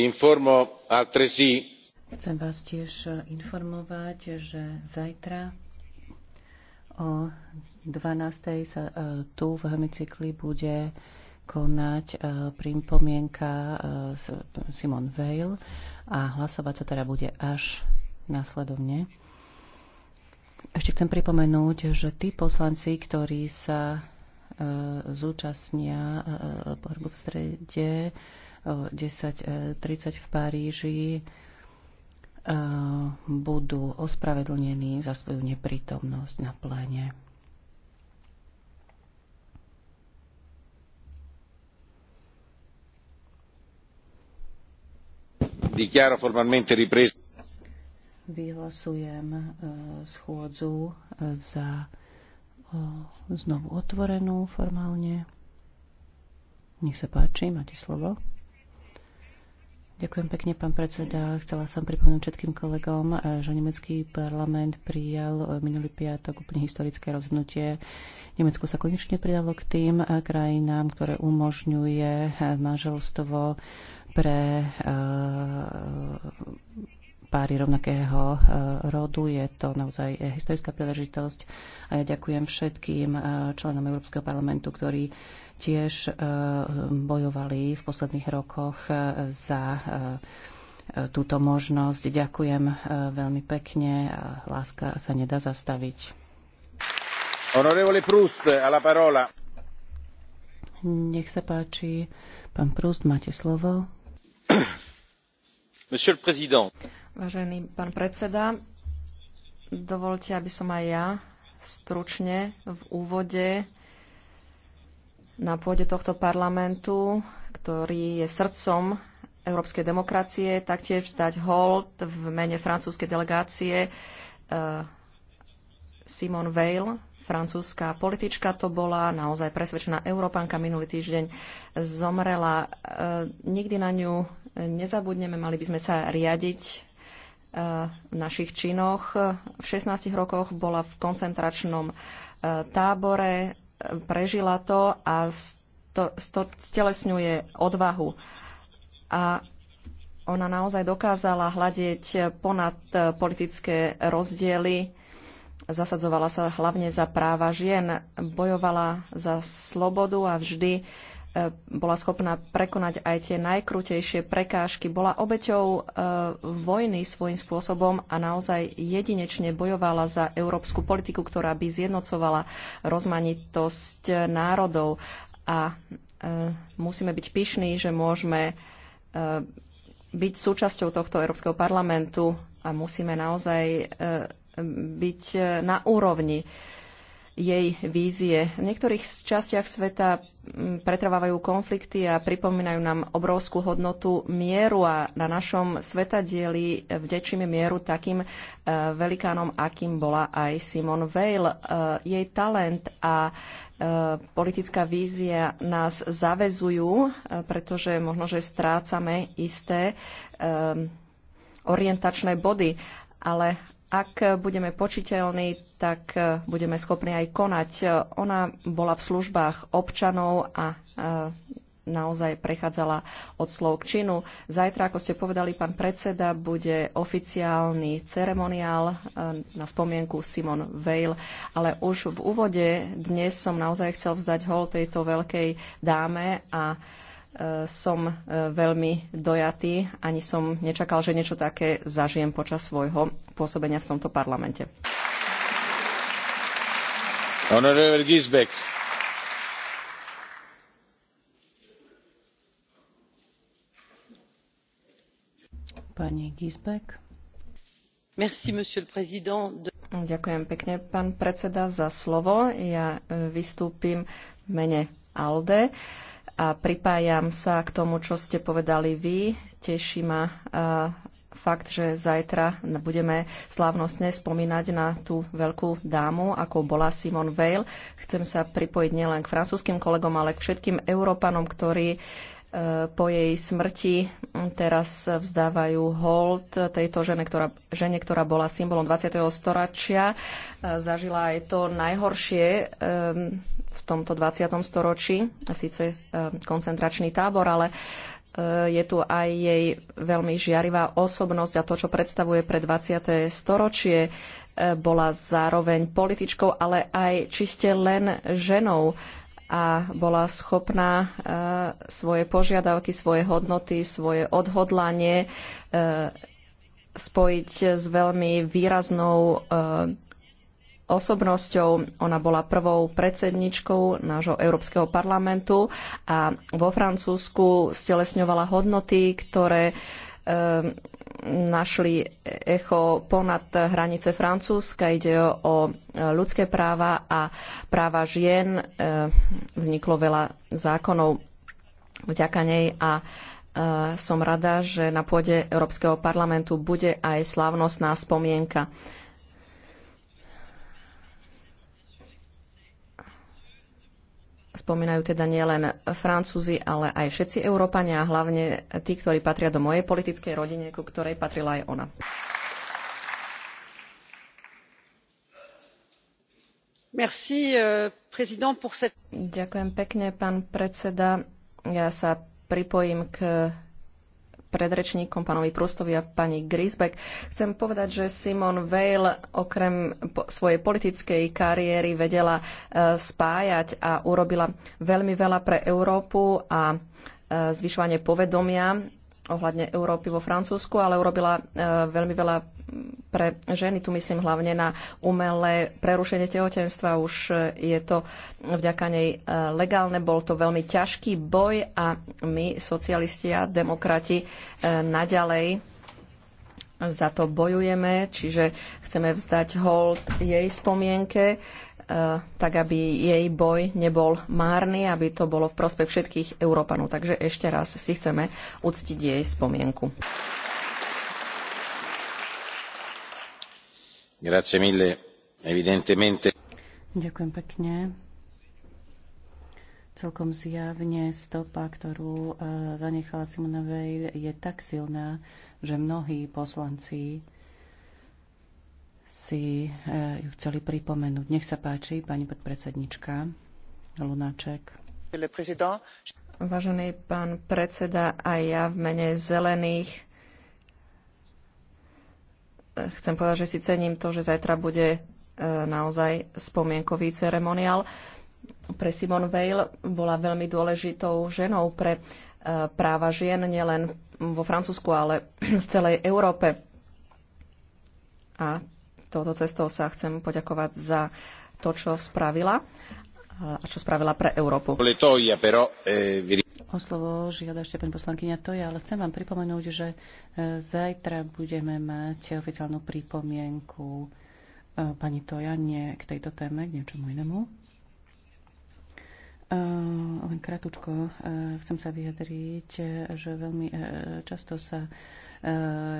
informo altresì Chcem vás tiež informovať, že zajtra o 12. sa e, tu v hemicykli bude konať e, pripomienka e, Simon Veil a hlasovať sa teda bude až následovne. Ešte chcem pripomenúť, že tí poslanci, ktorí sa zúčastnia v strede, 10.30 v Paríži eh, budú ospravedlnení za svoju neprítomnosť na pléne. Dichiaro formalmente ripreso. Vyhlasujem eh, schôdzu eh, za znovu otvorenú formálne. Nech sa páči, máte slovo. Ďakujem pekne, pán predseda. Chcela som pripomenúť všetkým kolegom, eh, že nemecký parlament prijal eh, minulý piatok úplne historické rozhodnutie. Nemecko sa konečne pridalo k tým eh, krajinám, ktoré umožňuje manželstvo pre páry rovnakého e, rodu. Je to naozaj historická príležitosť a ja ďakujem všetkým e, členom Európskeho parlamentu, ktorí tiež e, bojovali v posledných rokoch za túto možnosť. Ďakujem veľmi pekne a láska sa nedá zastaviť. Honorevole Proust, parola. Nech sa páči, pán Proust, máte slovo. Monsieur le Président. Vážený pán predseda, dovolte, aby som aj ja stručne v úvode na pôde tohto parlamentu, ktorý je srdcom európskej demokracie, taktiež vzdať hold v mene francúzskej delegácie eh, Simone Veil, francúzska politička to bola, naozaj presvedčená Európanka, minulý týždeň zomrela. Eh, nikdy na ňu nezabudneme, mali by sme sa riadiť v našich činoch. V 16 rokoch bola v koncentračnom e, tábore, e, prežila to a to, stelesňuje odvahu. A ona naozaj dokázala hľadieť ponad e, politické rozdiely. Zasadzovala sa hlavne za práva žien, bojovala za slobodu a vždy E, bola schopná prekonať aj tie najkrutejšie prekážky. Bola obeťou e, vojny svojím spôsobom a naozaj jedinečne bojovala za európsku politiku, ktorá by zjednocovala rozmanitosť národov. A e, musíme byť pyšní, že môžeme byť súčasťou tohto Európskeho parlamentu a musíme naozaj byť na úrovni jej vízie. V niektorých častiach sveta mm, pretrvávajú konflikty a pripomínajú nám obrovskú hodnotu mieru a na našom sveta dieli vdečíme mieru takým e, velikánom, akým bola aj Simon Weil. E, jej talent a e, politická vízia nás zavezujú, pretože možno, že strácame isté orientačné body ale ak budeme počiteľní, tak e, budeme schopní aj konať. E, ona bola v službách občanov a e, naozaj prechádzala od slov k činu. Zajtra, ako ste povedali, pán predseda, bude oficiálny ceremoniál na spomienku Simon Veil, ale už v úvode dnes som naozaj chcel vzdať hol tejto veľkej dáme a E, som e, veľmi dojatý. Ani som nečakal, že niečo také zažijem počas svojho pôsobenia v tomto parlamente. Honorable Gisbeck. Pani Gisbeck. Merci, monsieur le président. De... Ďakujem pekne, pán predseda, za slovo. Ja e, vystúpim v mene ALDE a pripájam sa k tomu, čo ste povedali vy. Teší ma fakt, že zajtra budeme slávnostne spomínať na tú veľkú dámu, ako bola Simone Veil. Chcem sa pripojiť nielen k francúzským kolegom, ale k všetkým Európanom, ktorí po jej smrti teraz vzdávajú hold tejto žene, ktorá, žene, ktorá bola symbolom 20. storočia. Zažila aj to najhoršie ehm, v tomto 20. storočí, síce ehm, koncentračný tábor, ale ehm, je tu aj jej veľmi žiarivá osobnosť a to, čo predstavuje pre 20. storočie, bola zároveň političkou, ale aj čiste len ženou a bola schopná e, svoje požiadavky, svoje hodnoty, svoje odhodlanie e, spojiť s veľmi výraznou e, osobnosťou. Ona bola prvou predsedničkou nášho Európskeho parlamentu a vo Francúzsku stelesňovala hodnoty, ktoré našli echo ponad hranice Francúzska. Ide o ľudské práva a práva žien. E, vzniklo veľa zákonov vďaka nej a e, som rada, že na pôde Európskeho parlamentu bude aj slávnostná spomienka spomínajú teda nielen Francúzi, ale aj všetci Európania, a hlavne tí, ktorí patria do mojej politickej rodine, ku ktorej patrila aj ona. Merci, euh, président, pour cette... Ďakujem pekne, pán predseda. Ja sa pripojím k predrečníkom, pánovi Prustovi a pani Grisbeck. Chcem povedať, že Simon Weil okrem svojej politickej kariéry vedela e, spájať a urobila veľmi veľa pre Európu a e, zvyšovanie povedomia ohľadne Európy vo Francúzsku, ale urobila e, veľmi veľa pre ženy. Tu myslím hlavne na umelé prerušenie tehotenstva. Už e, je to vďaka nej e, legálne. Bol to veľmi ťažký boj a my, socialisti a demokrati, e, naďalej za to bojujeme, čiže chceme vzdať hold jej spomienke Eh, tak aby jej boj nebol márny, aby to bolo v prospech všetkých Európanov. Takže ešte raz si chceme uctiť jej spomienku. Grazie mille. Evidentemente. Ďakujem pekne. Celkom zjavne stopa, ktorú eh, zanechala Simona Veil, je tak silná, že mnohí poslanci si e, ju chceli pripomenúť. Nech sa páči, pani podpredsednička Lunáček. Vážený pán predseda, aj ja v mene zelených e, chcem povedať, že si cením to, že zajtra bude e, naozaj spomienkový ceremoniál. Pre Simone Weil bola veľmi dôležitou ženou pre práva žien nielen vo Francúzsku, ale v celej Európe. A Touto cestou sa chcem poďakovať za to, čo spravila a čo spravila pre Európu. Eh, o slovo žiada ešte pani poslankyňa Toja, ale chcem vám pripomenúť, že eh, zajtra budeme mať oficiálnu pripomienku eh, pani Toja, nie k tejto téme, k niečomu inému. Len kratučko chcem sa vyjadriť, že veľmi často sa Eh,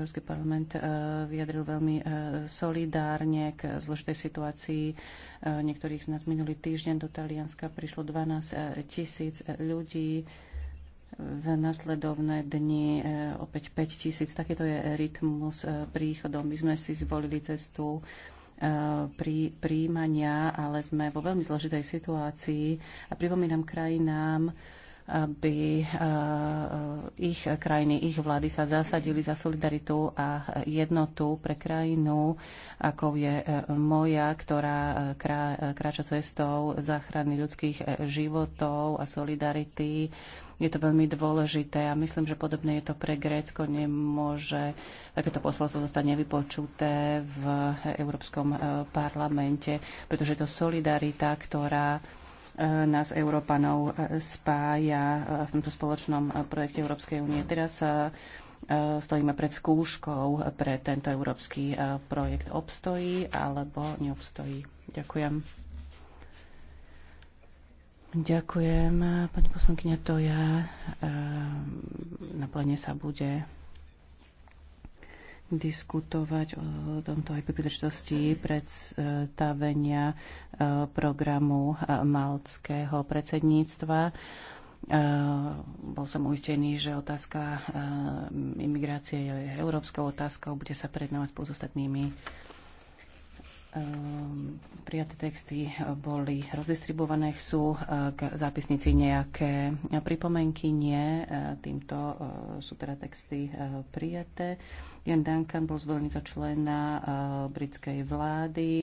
Európsky parlament eh, vyjadril veľmi eh, solidárne k zložitej situácii niektorých z nás. Minulý týždeň do Talianska prišlo 12 tisíc ľudí v nasledovné dni opäť 5 tisíc. Takýto je rytmus príchodom. My sme si zvolili cestu pri príjmania, ale sme vo veľmi zložitej situácii a pripomínam krajinám, aby eh, ich krajiny, ich vlády sa zasadili za solidaritu a jednotu pre krajinu, ako je eh, moja, ktorá eh, kráča cestou záchrany ľudských životov a solidarity. Je to veľmi dôležité a myslím, že podobne je to pre Grécko. Nemôže takéto posolstvo zostať nevypočuté v Európskom parlamente, pretože je to solidarita, ktorá nás Európanov spája e, v tomto spoločnom e, projekte Európskej únie. Teraz e, stojíme pred skúškou pre tento európsky projekt. Obstojí alebo neobstojí? Ďakujem. Ďakujem, pani poslankyňa Toja. Na plene sa bude diskutovať o tomto aj pri príležitosti predstavenia e, programu e, malckého predsedníctva. E, bol som uistený, že otázka imigrácie je európskou otázkou, bude sa prednávať pozostatnými. s Ehm, prijaté texty boli rozdistribuované. Sú eh, k zápisnici nejaké pripomenky? Nie. Eh, týmto eh, sú teda texty prijaté. Jan Duncan bol zvolený za člena britskej vlády.